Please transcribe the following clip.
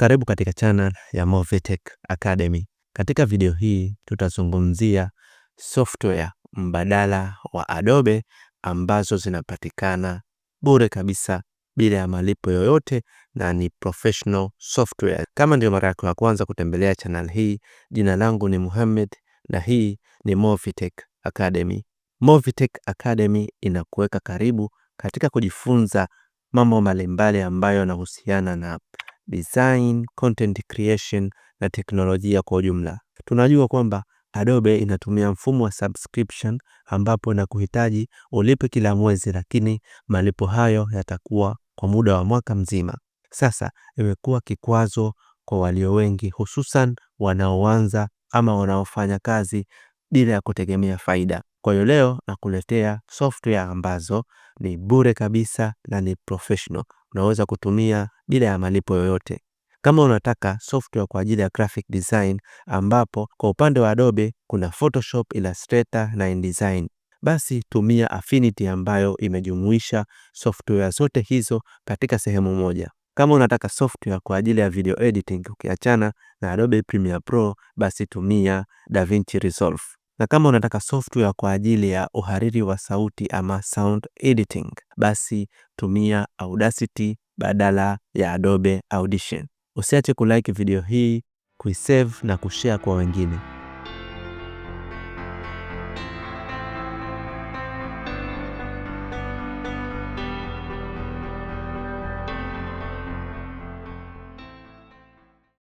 Karibu katika channel ya Movitech Academy. Katika video hii tutazungumzia software mbadala wa Adobe ambazo zinapatikana bure kabisa bila ya malipo yoyote na ni professional software. Kama ndio mara yako ya kwanza kutembelea channel hii, jina langu ni Muhammad na hii ni Movitech Academy. Movitech Academy inakuweka karibu katika kujifunza mambo mbalimbali ambayo yanahusiana na design, content creation na teknolojia kwa ujumla. Tunajua kwamba Adobe inatumia mfumo wa subscription ambapo na kuhitaji ulipe kila mwezi, lakini malipo hayo yatakuwa kwa muda wa mwaka mzima. Sasa imekuwa kikwazo kwa walio wengi, hususan wanaoanza ama wanaofanya kazi bila ya kutegemea faida. Kwa hiyo leo nakuletea software ambazo ni bure kabisa na ni professional. Unaweza kutumia bila ya malipo yoyote. Kama unataka software kwa ajili ya graphic design ambapo kwa upande wa Adobe kuna Photoshop, Illustrator na InDesign. Basi tumia Affinity ambayo imejumuisha software zote hizo katika sehemu moja. Kama unataka software kwa ajili ya video editing ukiachana na Adobe Premiere Pro basi tumia DaVinci Resolve na kama unataka software kwa ajili ya uhariri wa sauti ama sound editing, basi tumia Audacity badala ya Adobe Audition. Usiache kulike video hii, kuisave na kushare kwa wengine.